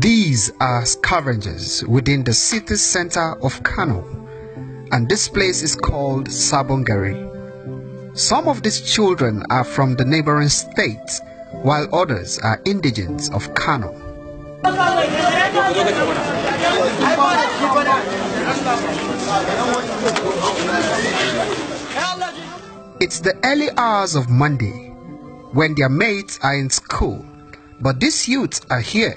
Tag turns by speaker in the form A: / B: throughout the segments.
A: These are scavengers within the city center of Kano, and this place is called Sabungari. Some of these children are from the neighboring states, while others are indigents of Kano. It's the early hours of Monday when their mates are in school, but these youths are here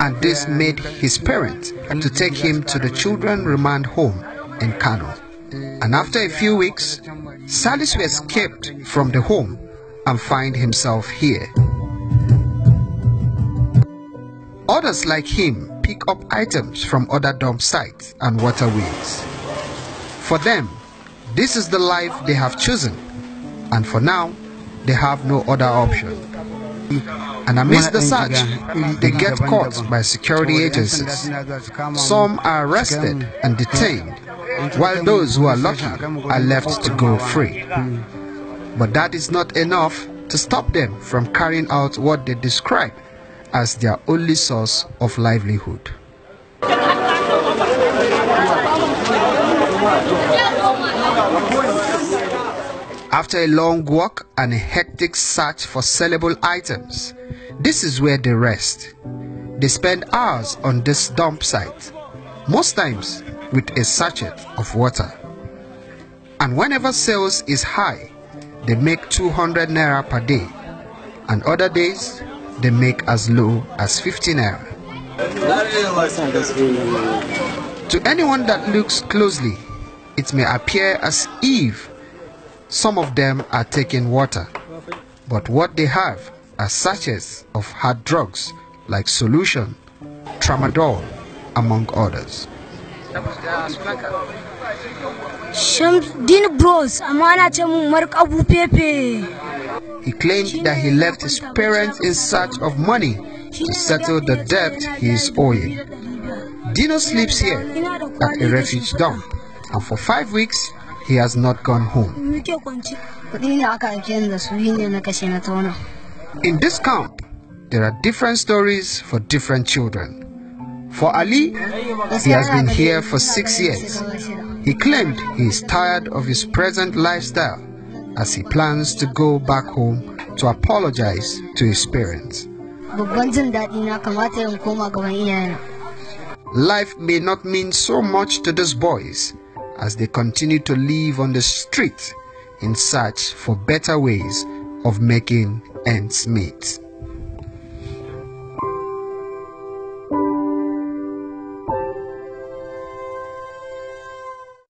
A: and this made his parents to take him to the children remand home in Kano. And after a few weeks, Salisu escaped from the home and find himself here. Others like him pick up items from other dump sites and waterways. For them, this is the life they have chosen, and for now, they have no other option and amidst the search, they get caught by security agencies. Some are arrested and detained, while those who are lucky are left to go free. But that is not enough to stop them from carrying out what they describe as their only source of livelihood. After a long walk and a hectic search for sellable items, this is where they rest. They spend hours on this dump site, most times with a sachet of water. And whenever sales is high, they make 200 naira per day, and other days they make as low as 50 naira. To anyone that looks closely, it may appear as if some of them are taking water, but what they have are sachets of hard drugs like Solution, Tramadol, among others. Bros, He claimed that he left his parents in search of money to settle the debt he is owing. Dino sleeps here at a refuge dump, and for five weeks he has not gone home. In this camp, there are different stories for different children. For Ali, he has been here for six years. He claimed he is tired of his present lifestyle as he plans to go back home to apologize to his parents. Life may not mean so much to these boys, as they continue to live on the street in search for better ways of making ends meet.